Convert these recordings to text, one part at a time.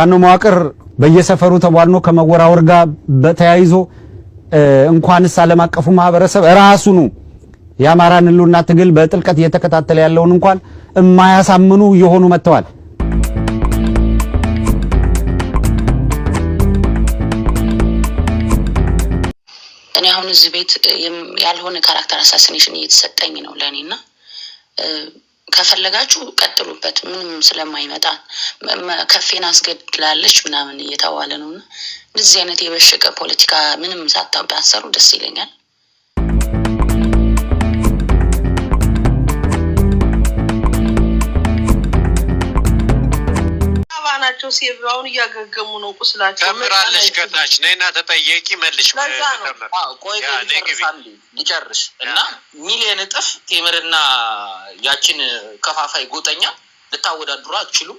የፋኖ መዋቅር በየሰፈሩ ተቧድኖ ከመወራወር ጋር ተያይዞ እንኳንስ ዓለም አቀፉ ማህበረሰብ ራሱኑ የአማራን ህልውና ትግል በጥልቀት እየተከታተለ ያለውን እንኳን የማያሳምኑ እየሆኑ መጥተዋል። እኔ አሁን እዚህ ቤት ያልሆነ ካራክተር አሳሲኔሽን እየተሰጠኝ ነው ለእኔና ከፈለጋችሁ ቀጥሉበት፣ ምንም ስለማይመጣ ከፌን አስገድላለች ምናምን እየተባለ ነው። እና እንደዚህ አይነት የበሸቀ ፖለቲካ ምንም ሳታባሰሩ ደስ ይለኛል። ናቸው። ሴባውን እያገገሙ ነው ቁስላቸው። ተምራለች ከታች ነና ተጠየቂ መልሽ ሊጨርሽ እና ሚሊየን እጥፍ ቴምርና ያችን ከፋፋይ ጎጠኛ ልታወዳድሩ አትችሉም።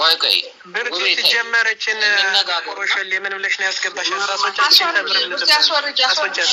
ቆይ ቆይ ድርጅት ጀመረችን ሮሸል የምን ብለሽ ነው ያስገባሽ? አስወጫት፣ አስወጫት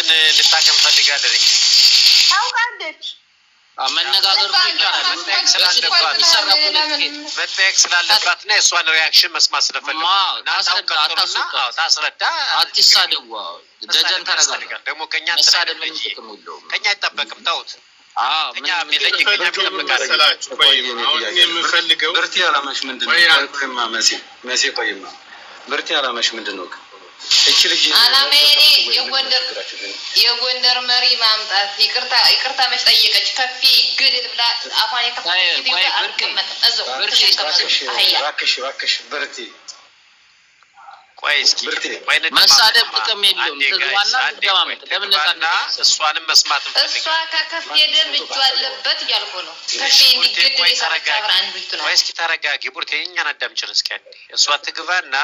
እንትን ልታከም ፈልጋለች። ታውቃለች መነጋገሩ መጠየቅ ስላለባት እና የእሷን ሪያክሽን መስማት ስለፈለጉ አትሳደቡ፣ ደጀን ተረጋ። ደግሞ ከኛ ከኛ አይጠበቅም። ተውት። ብርቲ አላማሽ ምንድን ነው? ብርቲ አላማሽ ምንድን ነው? አላማ የኔ የጎንደር መሪ ማምጣት ይቅርታ ይቅርታ መች ጠየቀች ከፌ ግድል ብላ አፏን እሷንም መስማት እሷ ከከፌ ደም እጁ አለበት እያልኩ ነው። ከፌ እንዲገድል የሰራች አብራ አንዱ ነው። እስኪ ተረጋጊ ቡርቴ፣ እኛን አዳምጪን እስኪ እሷ ትግባና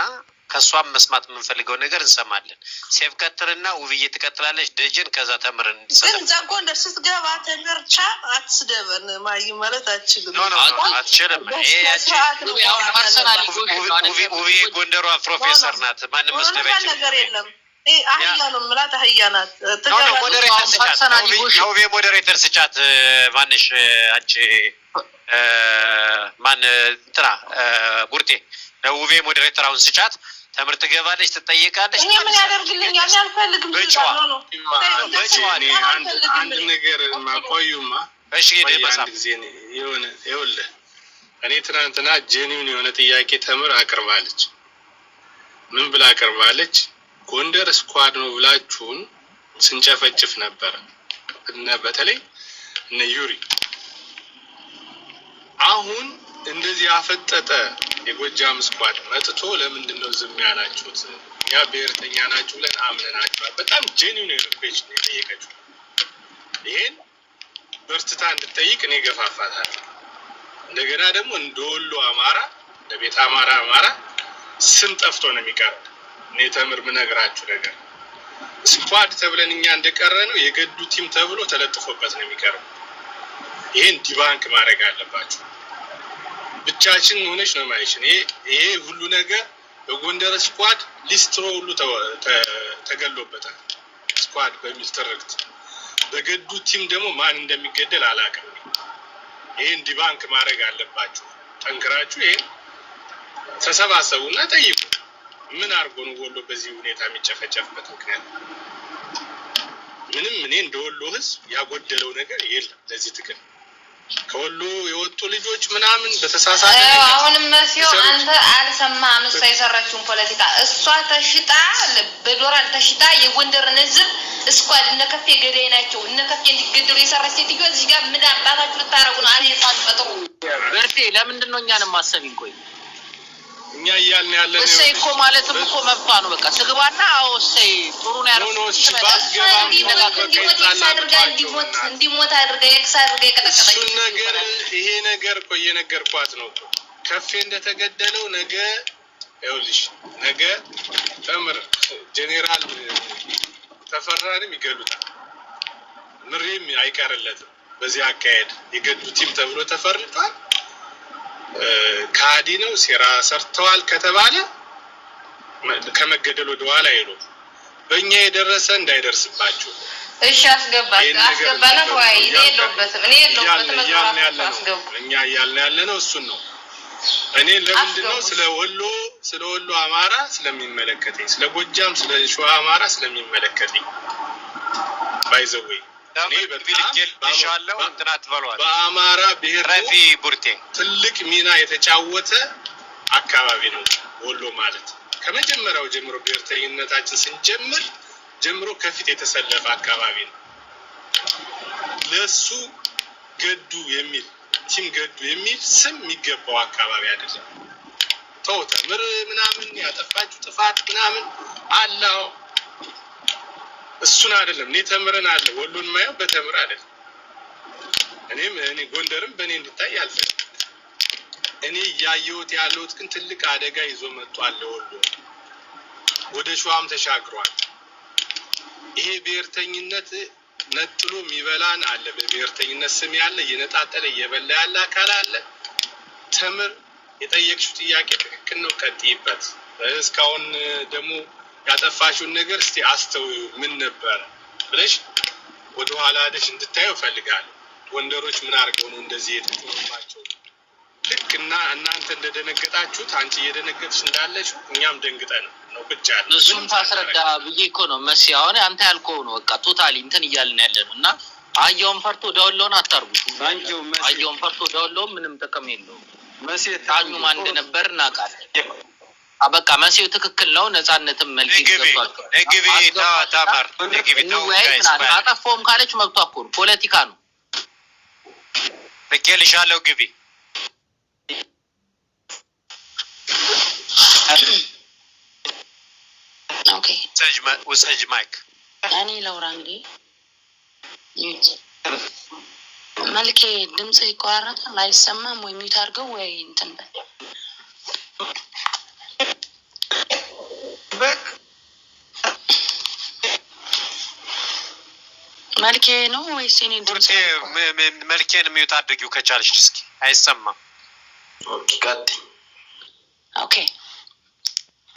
ከእሷም መስማት የምንፈልገው ነገር እንሰማለን። ሴፍ ቀጥልና ውብዬ ትቀጥላለች። ደጀን ከዛ ተምር ግን እዛ ጎንደር ስትገባ ተምርቻ አትስደበን ማይ ማለት አችልም አትችልም። ውብዬ ጎንደሯ ፕሮፌሰር ናት። ማንም መስደብ ነገር የለም። አህያ ነው ስጫት፣ ውብዬ ሞዴሬተር ስጫት። ማንሽ አንቺ ማን እንትና ቡርቴ ውቤ ሞዴሬተር አሁን ስጫት። ትምህርት ገባለች፣ ትጠየቃለች። እኔ ምን ያደርግልኛል? አልፈልግም። አንድ ነገር ማቆዩማ እሺ የሆነ ይኸውልህ፣ እኔ ትናንትና ጀኒን የሆነ ጥያቄ ተምር አቅርባለች። ምን ብላ አቅርባለች? ጎንደር ስኳድ ነው ብላችሁን ስንጨፈጭፍ ነበረ እነ በተለይ እነ ዩሪ አሁን እንደዚህ ያፈጠጠ የጎጃም ስኳድ መጥቶ ለምንድን ነው ዝም ያላችሁት? እኛ ብሔርተኛ ናችሁ ብለን አምነናችኋል። በጣም ጄኒን ሪኩዌሽን ነው የጠየቀችው። ይሄን በርትታ እንድጠይቅ እኔ ገፋፋታለሁ። እንደገና ደግሞ እንደ ወሎ አማራ እንደ ቤት አማራ አማራ ስም ጠፍቶ ነው የሚቀር እኔ ተምር ምነግራችሁ ነገር ስኳድ ተብለን እኛ እንደቀረ ነው የገዱ ቲም ተብሎ ተለጥፎበት ነው የሚቀረው። ይህን ዲባንክ ማድረግ አለባቸው። ብቻችን ሆነች ነው ማይችን ይሄ ሁሉ ነገር በጎንደር ስኳድ ሊስትሮ ሁሉ ተገሎበታል። ስኳድ በሚል ትርክት በገዱ ቲም ደግሞ ማን እንደሚገደል አላውቅም። ይህን ዲባንክ ማድረግ አለባችሁ። ጠንክራችሁ ይህን ተሰባሰቡና ጠይቁ። ምን አድርጎ ነው ወሎ በዚህ ሁኔታ የሚጨፈጨፍበት ምክንያት? ምንም እኔ እንደ ወሎ ህዝብ ያጎደለው ነገር የለም ለዚህ ትግል ከወሎ የወጡ ልጆች ምናምን በተሳሳተ አሁንም መሲው አንተ አልሰማህም። እሷ የሰራችውን ፖለቲካ እሷ ተሽጣ በዶላር ተሽጣ የጎንደርን ህዝብ እስኳድ እነከፌ ገዳይ ናቸው እነከፌ እንዲገደሉ የሰራች ሴትዮ እዚህ ጋር ምን አባታችሁ ልታረጉ ነው? አኔ ሷን በርቴ ለምንድን ነው እኛንም ማሰብ ይንቆይ እኛ እያልን ያለ እሰይ እኮ ማለትም እኮ መብቷ ነው። በቃ ትግባና አዎ እሰይ ጥሩ ነው ያለው እንዲሞት አድርጋ የክስ አድርጋ የቀጠቀጠ ነገር ይሄ ነገር እኮ እየነገርኳት ነው። ከፌ እንደተገደለው ነገ ይኸውልሽ፣ ነገ እምር ጄኔራል ተፈራንም ይገሉታል። ምሪም አይቀርለትም። በዚህ አካሄድ የገዱ ቲም ተብሎ ተፈርቷል። ከሃዲ ነው፣ ሴራ ሰርተዋል ከተባለ ከመገደል ወደኋላ ኋላ አይሉ በእኛ የደረሰ እንዳይደርስባችሁ። እሺ አስገባ እኔ እኛ እያልን ያለ ነው እሱን ነው። እኔ ለምንድን ነው ስለ ወሎ ስለ ወሎ አማራ ስለሚመለከተኝ፣ ስለ ጎጃም ስለ ሸዋ አማራ ስለሚመለከተኝ ባይዘወይ በአማራ ብሔር ትልቅ ሚና የተጫወተ አካባቢ ነው ወሎ ማለት። ከመጀመሪያው ጀምሮ ብሔርተኝነታችን ስንጀምር ጀምሮ ከፊት የተሰለፈ አካባቢ ነው። ለሱ ገዱ የሚል ቲም ገዱ የሚል ስም የሚገባው አካባቢ አይደለም። ተው ተምር ምናምን ያጠፋችሁ ጥፋት ምናምን አላው እሱን አይደለም። እኔ ተምረን አለ ወሎን ማየው በተምር አይደለም። እኔም እኔ ጎንደርም በእኔ እንድታይ አልፈልግም። እኔ እያየሁት ያለሁት ግን ትልቅ አደጋ ይዞ መጥቷል። ወሎ ወደ ሸዋም ተሻግሯል። ይሄ ብሔርተኝነት ነጥሎ የሚበላን አለ። በብሔርተኝነት ስም ያለ እየነጣጠለ እየበላ ያለ አካል አለ። ተምር፣ የጠየቅሽው ጥያቄ ትክክል ነው፣ ቀጥይበት። እስካሁን ደግሞ ያጠፋሽውን ነገር እስቲ አስተውዩ፣ ምን ነበረ ብለሽ ወደኋላ ሄደሽ እንድታየው እፈልጋለሁ። ወንደሮች ምን አድርገው ነው እንደዚህ የተጠሩባቸው? ልክ እና እናንተ እንደደነገጣችሁት አንቺ እየደነገጥሽ እንዳለች እኛም ደንግጠን ነው ብቻ እሱም ታስረዳ ብዬ እኮ ነው መሲ። አሁን አንተ ያልከው ነው በቃ ቶታሊ እንትን እያልን ያለ ነው እና አየውን ፈርቶ ደወለውን አታርጉት። አየውን ፈርቶ ደወለውን ምንም ጥቅም የለውም። መሲ ታኙ ማን እንደነበር እናውቃለን። በቃ መንስኤው ትክክል ነው። ነጻነትም መልክ አጠፎም ካለች መብቷ እኮ ነው። ፖለቲካ ነው። ልኬልሻለሁ ግቢ ውሰጅ ማይክ እኔ ለውራ እንግዲህ መልኬ ድምፅ ይቋረጣል አይሰማም ወይ ሚዩት አድርገው ወይ እንትን በል መልኬ ነው ወይስ ኔ ድምጽ? መልኬን የሚዩት አድርጊው ከቻልሽ እስኪ አይሰማም። ኦኬ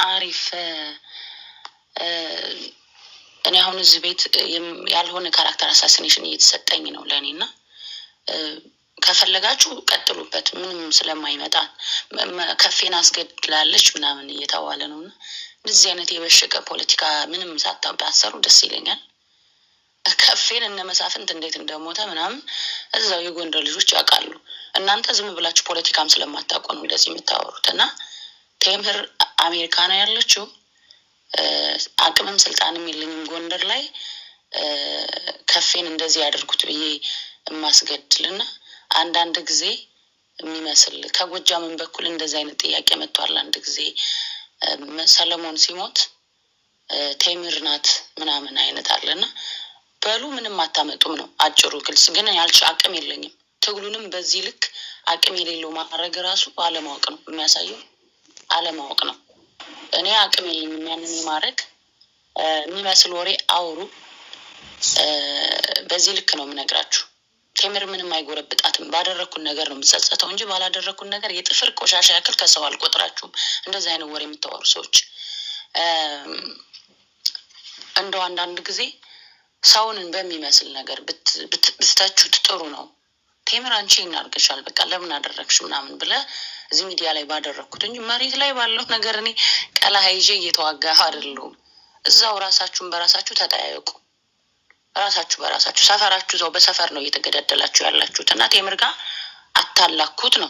አሪፍ። እኔ አሁን እዚህ ቤት ያልሆነ ካራክተር አሳሲኔሽን እየተሰጠኝ ነው ለእኔ እና ከፈለጋችሁ ቀጥሉበት፣ ምንም ስለማይመጣ ከፌን አስገድላለች ምናምን እየተባለ ነው እና እንደዚህ አይነት የበሸቀ ፖለቲካ ምንም ሳታባሰሩ ደስ ይለኛል። ሁሴን እነ መሳፍንት እንዴት እንደሞተ ምናምን እዛው የጎንደር ልጆች ያውቃሉ። እናንተ ዝም ብላችሁ ፖለቲካም ስለማታውቁ ነው እንደዚህ የምታወሩት። እና ቴምህር አሜሪካ ነው ያለችው። አቅምም ስልጣንም የለኝም ጎንደር ላይ ከፌን እንደዚህ ያደርጉት ብዬ የማስገድልና አንዳንድ ጊዜ የሚመስል ከጎጃምን በኩል እንደዚህ አይነት ጥያቄ መጥቷል። አንድ ጊዜ ሰለሞን ሲሞት ቴምር ናት ምናምን አይነት አለና በሉ ምንም አታመጡም ነው አጭሩ ግልጽ። ግን ያልች አቅም የለኝም። ትግሉንም በዚህ ልክ አቅም የሌለው ማድረግ ራሱ አለማወቅ ነው የሚያሳየው፣ አለማወቅ ነው። እኔ አቅም የለኝም ያንን የማድረግ የሚመስል ወሬ አውሩ። በዚህ ልክ ነው የምነግራችሁ። ቴምር ምንም አይጎረብጣትም። ባደረግኩን ነገር ነው የምጸጸተው እንጂ ባላደረግኩን ነገር የጥፍር ቆሻሻ ያክል ከሰው አልቆጥራችሁም። እንደዚህ አይነት ወሬ የምታወሩ ሰዎች እንደው አንዳንድ ጊዜ ሰውንን በሚመስል ነገር ብትተቹት ጥሩ ነው። ቴምር አንቺ እናርገሻል በቃ ለምን አደረግሽ ምናምን ብለ እዚህ ሚዲያ ላይ ባደረግኩት እንጂ መሬት ላይ ባለው ነገር እኔ ቀላ ይዤ እየተዋጋ አይደለሁም። እዛው ራሳችሁን በራሳችሁ ተጠያየቁ። ራሳችሁ በራሳችሁ ሰፈራችሁ፣ እዛው በሰፈር ነው እየተገዳደላችሁ ያላችሁት እና ቴምር ጋር አታላኩት ነው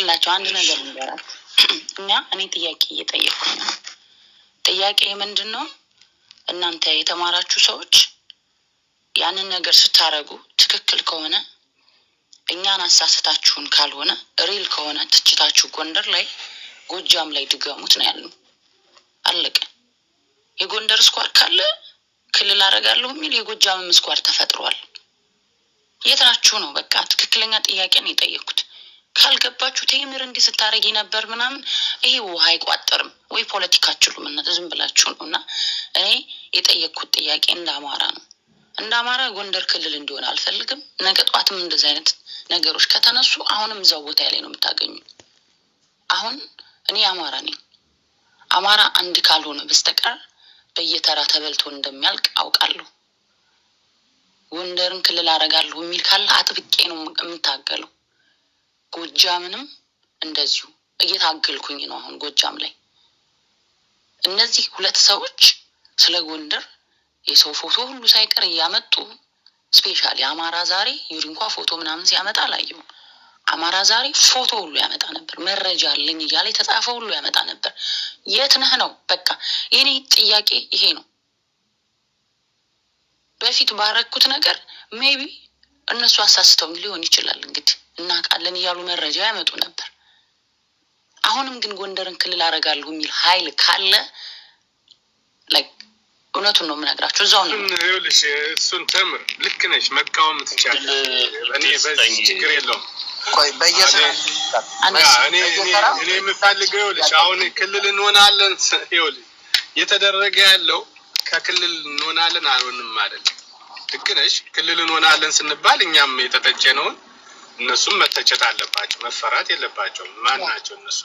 ይላቸው አንድ ነገር ንገራት። እኛ እኔ ጥያቄ እየጠየቅኩ ነው። ጥያቄ ምንድን ነው? እናንተ የተማራችሁ ሰዎች ያንን ነገር ስታደረጉ ትክክል ከሆነ እኛን አሳስታችሁን ካልሆነ ሪል ከሆነ ትችታችሁ ጎንደር ላይ ጎጃም ላይ ድገሙት ነው ያሉ። አለቀ። የጎንደር ስኳር ካለ ክልል አደርጋለሁ የሚል የጎጃምም ስኳር ተፈጥሯል። የት ናችሁ ነው? በቃ ትክክለኛ ጥያቄ ነው የጠየኩት። ካልገባችሁ ቴምር እንዲህ ስታደረጊ ነበር ምናምን፣ ይሄ ውሃ አይቋጠርም ወይ ፖለቲካ ችሉም እናት ዝም ብላችሁ ነው። እና እኔ የጠየቅኩት ጥያቄ እንደ አማራ ነው። እንደ አማራ ጎንደር ክልል እንዲሆን አልፈልግም። ነገ ጠዋትም እንደዚ አይነት ነገሮች ከተነሱ አሁንም እዛው ቦታ ላይ ነው የምታገኙ። አሁን እኔ አማራ ነኝ። አማራ አንድ ካልሆነ በስተቀር በየተራ ተበልቶ እንደሚያልቅ አውቃለሁ። ጎንደርን ክልል አደርጋለሁ የሚል ካለ አጥብቄ ነው የምታገለው። ጎጃምንም እንደዚሁ እየታገልኩኝ ነው። አሁን ጎጃም ላይ እነዚህ ሁለት ሰዎች ስለ ጎንደር የሰው ፎቶ ሁሉ ሳይቀር እያመጡ ስፔሻል የአማራ ዛሬ እንኳ ፎቶ ምናምን ሲያመጣ አላየሁም። አማራ ዛሬ ፎቶ ሁሉ ያመጣ ነበር። መረጃ አለኝ እያለ የተጻፈ ሁሉ ያመጣ ነበር። የት ነህ ነው? በቃ የኔ ጥያቄ ይሄ ነው። በፊት ባረግኩት ነገር ሜቢ እነሱ አሳስተውም ሊሆን ይችላል እንግዲህ እናውቃለን እያሉ መረጃ ያመጡ ነበር። አሁንም ግን ጎንደርን ክልል አደርጋለሁ የሚል ኃይል ካለ እውነቱን ነው የምነግራቸው። እዛው ነው እሱን ተምር። ልክ ነሽ፣ መቃወም ትችያለሽ። እኔ በዚህ ችግር የለውም። እኔ የምፈልገው ይኸውልሽ፣ አሁን ክልል እንሆናለን። ይኸውልሽ፣ እየተደረገ ያለው ከክልል እንሆናለን አልሆንም አይደለም ልክ ነሽ። ክልል እንሆናለን ስንባል እኛም ነውን እነሱም መተቸት አለባቸው፣ መፈራት የለባቸውም። ማን ናቸው እነሱ?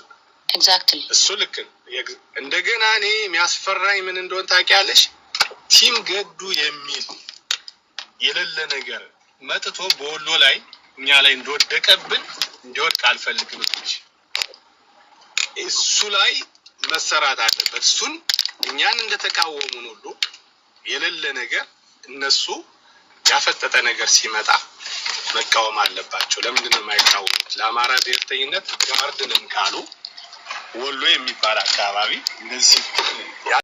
እሱ ልክ እንደገና እኔ የሚያስፈራኝ ምን እንደሆን ታውቂያለሽ? ቲም ገዱ የሚል የሌለ ነገር መጥቶ በወሎ ላይ እኛ ላይ እንደወደቀብን እንዲወድቅ አልፈልግም። እሱ ላይ መሰራት አለበት። እሱን እኛን እንደተቃወሙን ሁሉ የሌለ ነገር እነሱ ያፈጠጠ ነገር ሲመጣ መቃወም አለባቸው። ለምንድን ነው የማይቃወሙት? ለአማራ ብሔርተኝነት ጋርድንን ካሉ ወሎ የሚባል አካባቢ እንደዚህ